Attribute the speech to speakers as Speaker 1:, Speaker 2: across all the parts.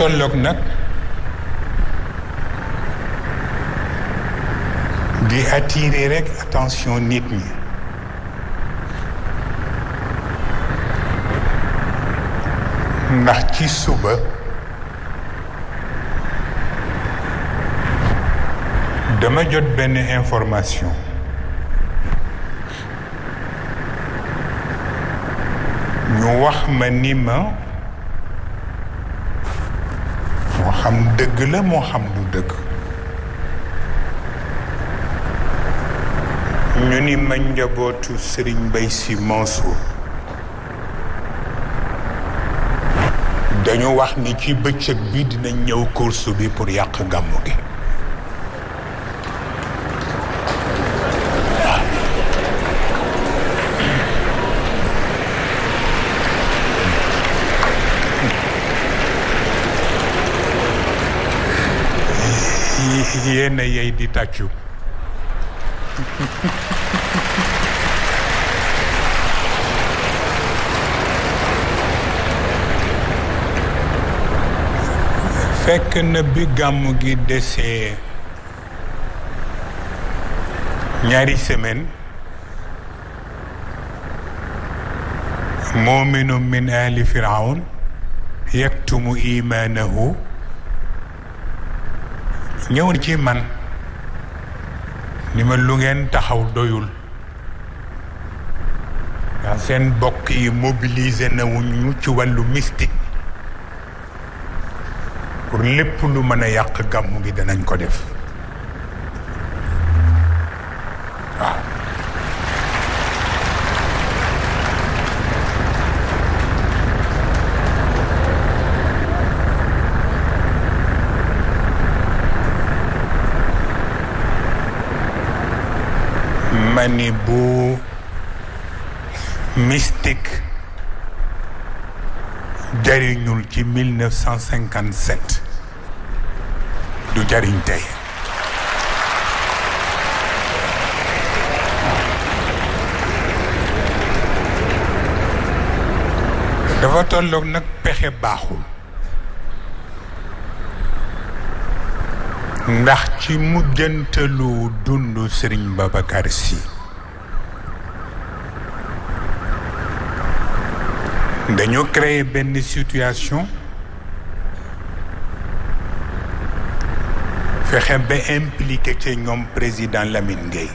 Speaker 1: tolloog nag di attirer rek attention nit ñi ndax ci suba dama jot benn information ñu wax ma ni ma xam dëgg la moo xam du dëgg ñu ni ma njabootu Serigne Mbaye Sy dañu wax ni ci bëccëg bi dina ñëw course bi pour yàq gàmmu gi yéen a yey di tàccu fekk na bi gàmmu gi desee ñaari semaine muminun min ali firaun yaktumu imanahu ñëwoon ci man ni ma lu ngeen taxaw doyul ndax seen bokk yi mobilisé na wuñu ci wàllu mystique pour lépp lu mën a yàq gàmmu gi danañ ko def waaw ma ni bu mystique jariñul ci mille neuf cent cinquante du jariñ tey dafa tolloog nag pexe baaxul ndax ci mujjantalu dundu Serigne Babacar de dañoo créer benn situation fexe ba impliqué ci ñoom président Lamine Gueye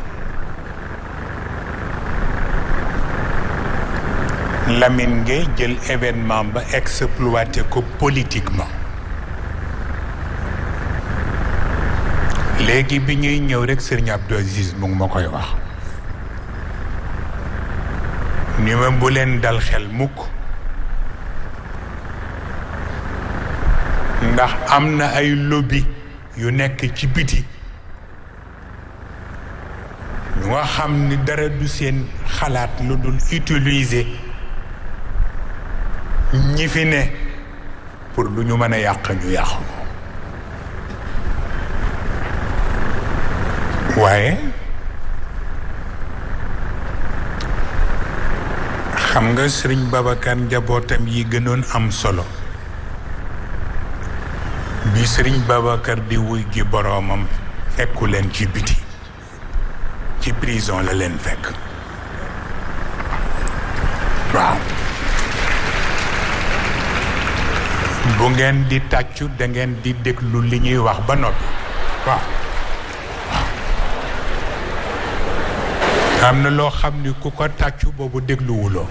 Speaker 1: Lamine Gueye jël événement ba exploité ko politiquement léegi bi ñuy ñëw rek sëriñ Abdou Aziz mu ma koy wax ni ma bu leen dal xel mukk ndax am na ay lobby yu nekk ci biti ñu nga xam ni dara du seen xalaat lu dul utiliser ñi fi ne pour lu ñu mën a yàq ñu yàq waaye xam nga sëriñ Babacar njabootam yi gënoon am solo bi sëriñ Babacar di wuy gi boroomam fekku leen ci biti ci prison la leen fekk waaw bu ngeen di tàccu da ngeen di déglu li ñuy wax ba noppi am na loo xam ni ku ko tàccu boobu dégluwuloo